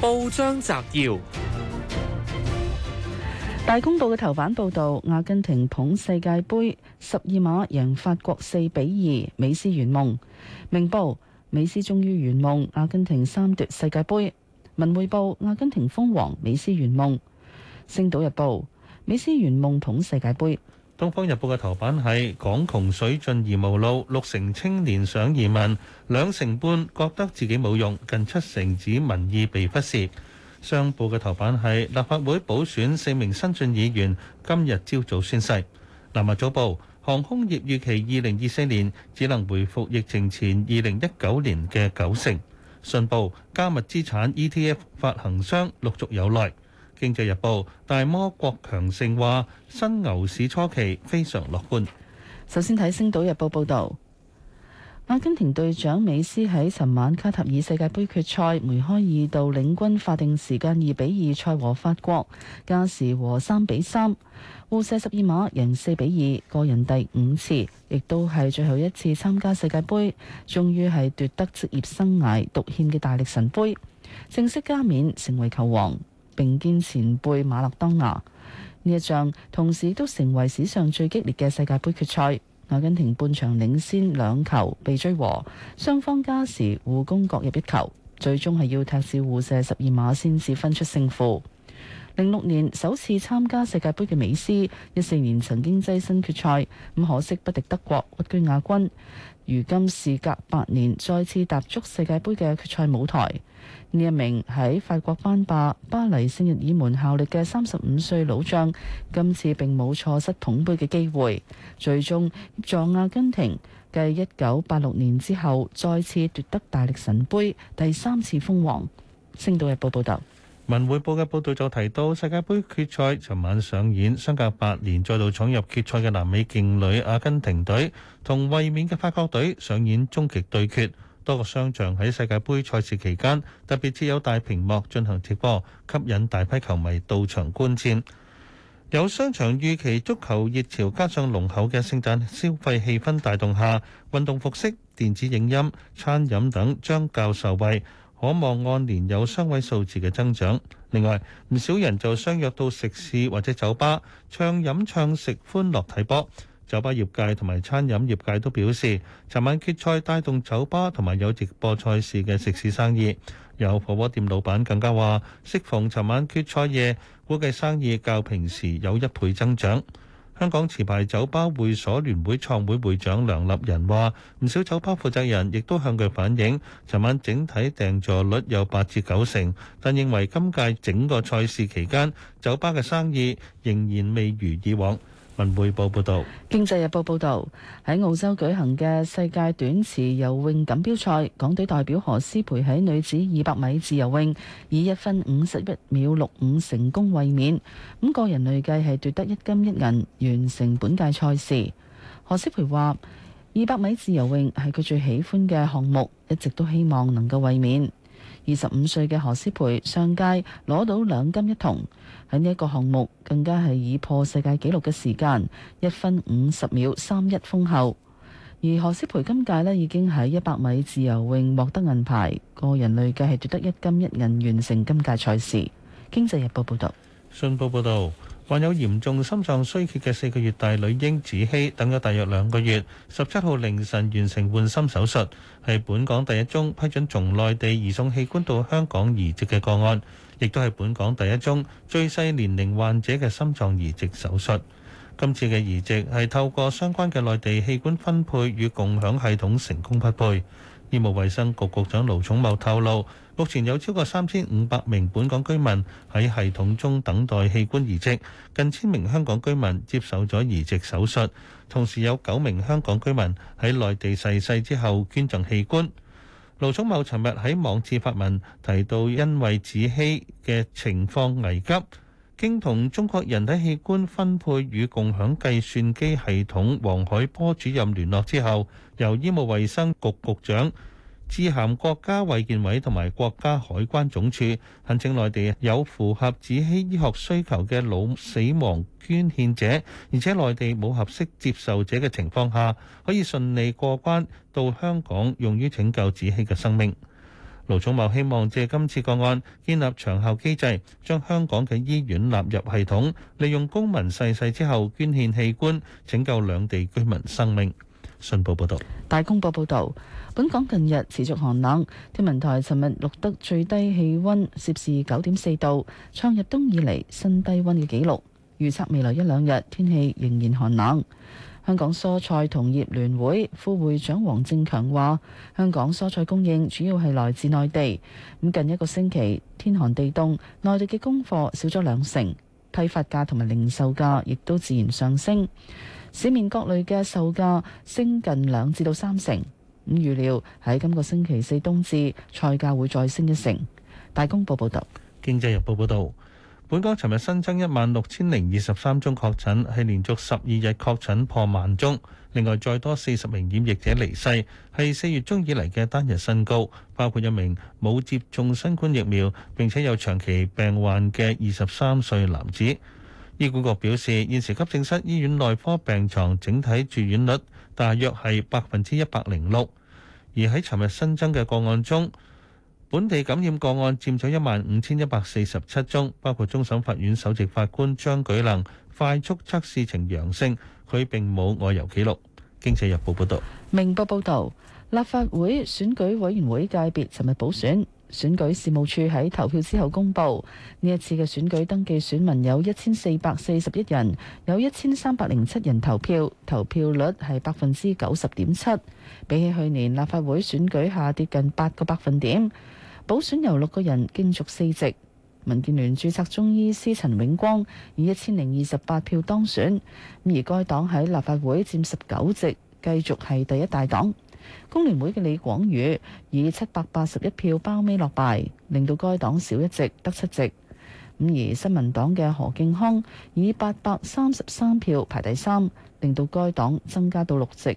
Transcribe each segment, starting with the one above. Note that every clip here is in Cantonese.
報章摘要：大公報嘅頭版報道，阿根廷捧世界盃，十二碼贏法國四比二，美斯圓夢。明報：美斯終於圓夢，阿根廷三奪世界盃。文匯報：阿根廷封王，美斯圓夢。星島日報：美斯圓夢捧世界盃。《東方日報》嘅頭版係「港窮水盡而無路，六成青年想移民，兩成半覺得自己冇用，近七成指民意被忽視」。商報嘅頭版係立法會補選四名新晉議員今日朝早宣誓。《南華早報》，航空業預期二零二四年只能回復疫情前二零一九年嘅九成。信報，加密資產 ETF 發行商陸續有來。《經濟日報》大摩國強盛話：新牛市初期非常樂觀。首先睇《星島日報》報道，阿根廷隊長美斯喺尋晚卡塔爾世界盃決賽梅開二度，領軍法定時間二比二賽和法國，加時和三比三，互射十二碼贏四比二，個人第五次，亦都係最後一次參加世界盃，終於係奪得職業生涯獨欠嘅大力神杯，正式加冕成為球王。並肩前輩馬勒當拿，呢一仗同時都成為史上最激烈嘅世界盃決賽。阿根廷半場領先兩球被追和，雙方加時互攻各入一球，最終係要踢至互射十二碼先至分出勝負。零六年首次參加世界盃嘅美斯，一四年曾經躋身決賽，咁可惜不敵德國屈居亞軍。如今事隔八年，再次踏足世界盃嘅決賽舞台。呢一名喺法國班霸巴黎聖日耳門效力嘅三十五歲老將今次並冇錯失捧杯嘅機會，最終助阿根廷繼一九八六年之後再次奪得大力神杯，第三次封王。星島日報報道，文匯報嘅報道就提到，世界杯決賽尋晚上演，相隔八年再度闖入決賽嘅南美勁旅阿根廷隊同衛冕嘅法國隊上演終極對決。多個商場喺世界盃賽事期間，特別設有大屏幕進行直播，吸引大批球迷到場觀戰。有商場預期足球熱潮加上濃厚嘅聖誕消費氣氛帶動下，運動服飾、電子影音、餐飲等將較受惠，可望按年有雙位數字嘅增長。另外，唔少人就相約到食肆或者酒吧暢飲暢食，歡樂睇波。酒吧業界同埋餐飲業界都表示，尋晚決賽帶動酒吧同埋有直播賽事嘅食肆生意。有火鍋店老闆更加話，適逢尋晚決賽夜，估計生意較平時有一倍增長。香港持牌酒吧會所聯會創會會長梁立仁話，唔少酒吧負責人亦都向佢反映，尋晚整體訂座率有八至九成，但認為今屆整個賽事期間，酒吧嘅生意仍然未如以往。文匯報報道，《經濟日報》報道，喺澳洲舉行嘅世界短池游泳錦標賽，港隊代表何詩蓓喺女子二百米自由泳以一分五十一秒六五成功衛冕。咁個人累計係奪得一金一銀，完成本屆賽事。何詩蓓話，二百米自由泳係佢最喜歡嘅項目，一直都希望能夠衛冕。二十五歲嘅何思培上屆攞到兩金一銅，喺呢一個項目更加係以破世界紀錄嘅時間一分五十秒三一封后。而何思培今屆呢已經喺一百米自由泳獲得銀牌，個人累計係奪得一金一銀，完成今屆賽事。經濟日報報道，信報報道。患有嚴重心臟衰竭嘅四個月大女嬰子希等咗大約兩個月，十七號凌晨完成換心手術，係本港第一宗批准從內地移送器官到香港移植嘅個案，亦都係本港第一宗最細年齡患者嘅心臟移植手術。今次嘅移植係透過相關嘅內地器官分配與共享系統成功匹配。醫務衛生局局長盧寵茂透露，目前有超過三千五百名本港居民喺系統中等待器官移植，近千名香港居民接受咗移植手術，同時有九名香港居民喺內地逝世之後捐贈器官。盧寵茂尋日喺網誌發文提到，因為子希嘅情況危急。經同中國人體器官分配與共享計算機系統黃海波主任聯絡之後，由醫務衛生局局長致函國家衛健委同埋國家海關總署，懇請內地有符合子希醫學需求嘅腦死亡捐獻者，而且內地冇合適接受者嘅情況下，可以順利過關到香港，用於拯救子希嘅生命。盧寵茂希望借今次個案建立長效機制，將香港嘅醫院納入系統，利用公民逝世之後捐獻器官拯救兩地居民生命。信報報道，大公報報道，本港近日持續寒冷，天文台尋日錄得最低氣溫攝氏九點四度，創入冬以嚟新低溫嘅紀錄。預測未來一兩日天氣仍然寒冷。香港蔬菜同業聯會副會長黃正強話：香港蔬菜供應主要係來自內地。咁近一個星期天寒地凍，內地嘅供貨少咗兩成，批發價同埋零售價亦都自然上升。市面各類嘅售價升近兩至到三成。咁預料喺今個星期四冬至，菜價會再升一成。大公報報道，《經濟日報》報道。本港尋日新增一萬六千零二十三宗確診，係連續十二日確診破萬宗。另外，再多四十名染疫者離世，係四月中以嚟嘅單日新高，包括一名冇接種新冠疫苗並且有長期病患嘅二十三歲男子。醫管局表示，現時急症室、醫院內科病床整體住院率大約係百分之一百零六，而喺尋日新增嘅個案中，本地感染個案佔咗一萬五千一百四十七宗，包括終審法院首席法官張舉能快速測試呈陽性，佢並冇外遊記錄。經濟日報報導。明報報導，立法會選舉委員會界別尋日補選，選舉事務處喺投票之後公佈，呢一次嘅選舉登記選民有一千四百四十一人，有一千三百零七人投票，投票率係百分之九十點七，比起去年立法會選舉下跌近八個百分點。補選由六個人競逐四席，民建聯註冊中醫師陳永光以一千零二十八票當選，而該黨喺立法會佔十九席，繼續係第一大黨。工聯會嘅李廣宇以七百八十一票包尾落敗，令到該黨少一席，得七席。咁而新民黨嘅何敬康以八百三十三票排第三，令到該黨增加到六席。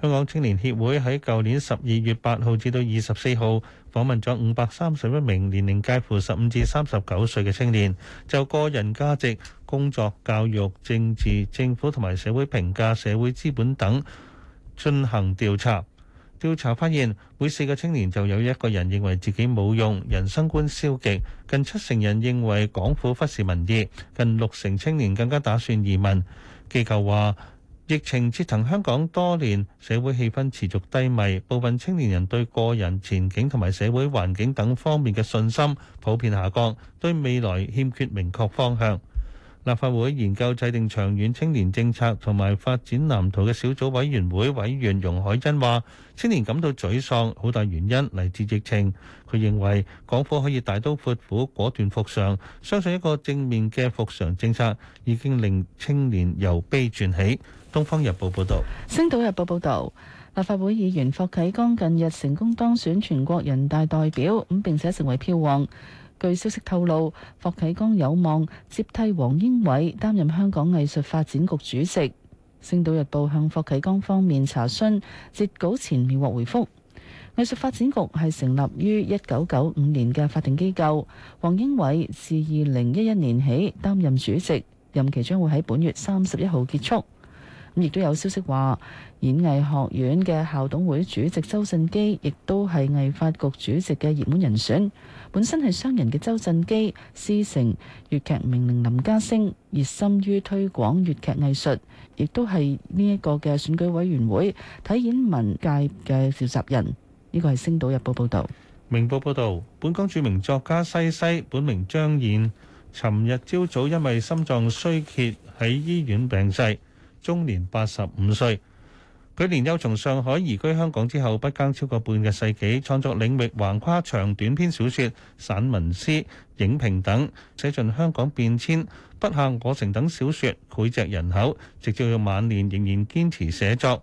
香港青年協會喺舊年十二月八號至到二十四號訪問咗五百三十一名年齡介乎十五至三十九歲嘅青年，就個人價值、工作、教育、政治、政府同埋社會評價、社會資本等進行調查。調查發現，每四個青年就有一個人認為自己冇用，人生觀消極。近七成人認為港府忽視民意，近六成青年更加打算移民。機構話：疫情折騰香港多年，社會氣氛持續低迷，部分青年人對個人前景同埋社會環境等方面嘅信心普遍下降，對未來欠缺明確方向。立法會研究制定長遠青年政策同埋發展藍圖嘅小組委員會委員容海恩話：「青年感到沮喪，好大原因嚟自疫情。」佢認為港府可以大刀闊斧、果斷復常，相信一個正面嘅復常政策已經令青年由悲轉喜。《東方日報》報道，《星島日報》報導，立法會議員霍啟剛近日成功當選全國人大代表，咁並且成為票王。據消息透露，霍啟剛有望接替王英偉擔任香港藝術發展局主席。《星島日報》向霍啟剛方面查詢，截稿前未獲回覆。藝術發展局係成立於一九九五年嘅法定機構，王英偉自二零一一年起擔任主席，任期將會喺本月三十一號結束。亦都有消息話，演藝學院嘅校董會主席周振基，亦都係藝發局主席嘅熱門人選。本身係商人嘅周振基，師承粵劇名伶林家聲，熱心於推廣粵劇藝術，亦都係呢一個嘅選舉委員會體演文界嘅召集人。呢個係《星島日報》報導，《明報》報導，本港著名作家西西，本名張燕，尋日朝早因為心臟衰竭喺醫院病逝。終年八十五歲，佢年幼從上海移居香港之後，筆耕超過半個世紀，創作領域橫跨長短篇小說、散文、詩、影評等，寫盡香港變遷、筆下我城等小說，膾炙人口，直至到晚年仍然堅持寫作。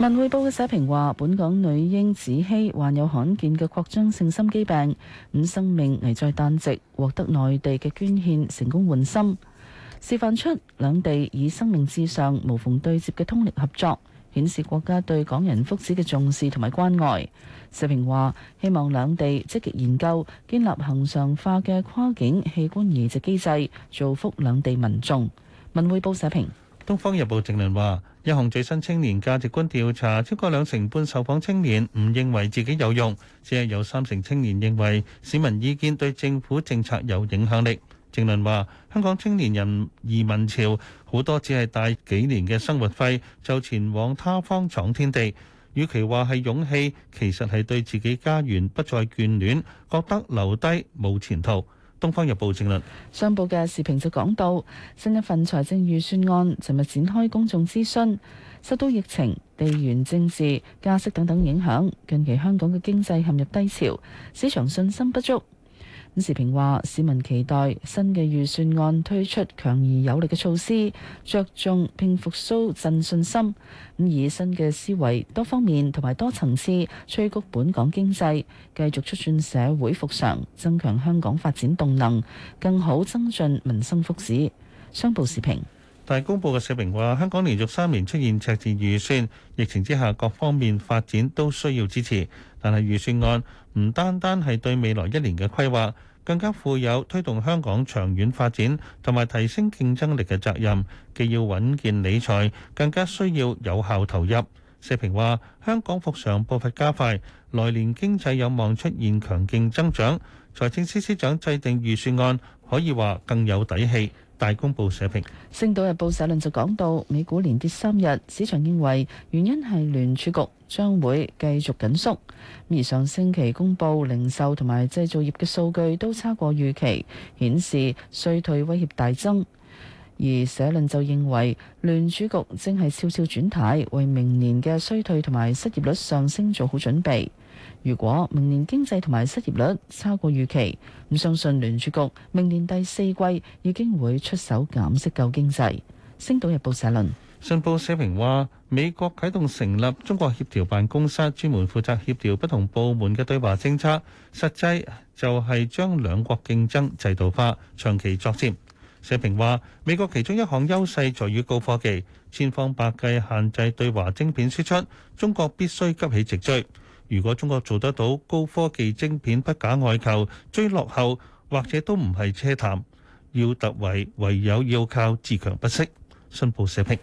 文匯報嘅社評話：本港女嬰芷希患有罕見嘅擴張性心肌病，咁生命危在旦夕，獲得內地嘅捐獻，成功換心，示範出兩地以生命至上無縫對接嘅通力合作，顯示國家對港人福祉嘅重視同埋關愛。社評話：希望兩地積極研究，建立恆常化嘅跨境器官移植機制，造福兩地民眾。文匯報社評，《東方日報》正論話。一項最新青年價值觀調查，超過兩成半受訪青年唔認為自己有用，只係有三成青年認為市民意見對政府政策有影響力。鄭論話：香港青年人移民潮好多只係帶幾年嘅生活費就前往他方闖天地，與其話係勇氣，其實係對自己家園不再眷戀，覺得留低冇前途。東方日報正論、上報嘅時評就講到，新一份財政預算案尋日展開公眾諮詢，受到疫情、地緣政治、加息等等影響，近期香港嘅經濟陷入低潮，市場信心不足。時評話：市民期待新嘅預算案推出強而有力嘅措施，着重拼復蘇振信心，咁以新嘅思維多方面同埋多層次，催谷本港經濟，繼續促進社會復常，增強香港發展動能，更好增進民生福祉。商報時評，大公報嘅社評話：香港連續三年出現赤字預算，疫情之下各方面發展都需要支持，但係預算案唔單單係對未來一年嘅規劃。更加富有推動香港長遠發展同埋提升競爭力嘅責任，既要穩健理財，更加需要有效投入。社評話香港復常步伐加快，來年經濟有望出現強勁增長，財政司司司長制定預算案可以話更有底氣。大公報社評。《星島日報》社論就講到，美股連跌三日，市場認為原因係聯儲局將會繼續緊縮。而上星期公佈零售同埋製造業嘅數據都差過預期，顯示衰退威脅大增。而社論就認為聯儲局正係悄悄轉態，為明年嘅衰退同埋失業率上升做好準備。如果明年經濟同埋失業率超過預期，唔相信聯儲局明年第四季已經會出手減息救經濟。《星島日報》社論，信報社評話：美國啟動成立中國協調辦公室，專門負責協調不同部門嘅對華政策，實際就係將兩國競爭制度化、長期作戰。社評話：美國其中一項優勢在於高科技，千方百計限制對華晶片輸出，中國必須急起直追。如果中國做得到高科技晶片不假外求，追落後或者都唔係奢談。要突圍，唯有要靠自強不息。新報社評。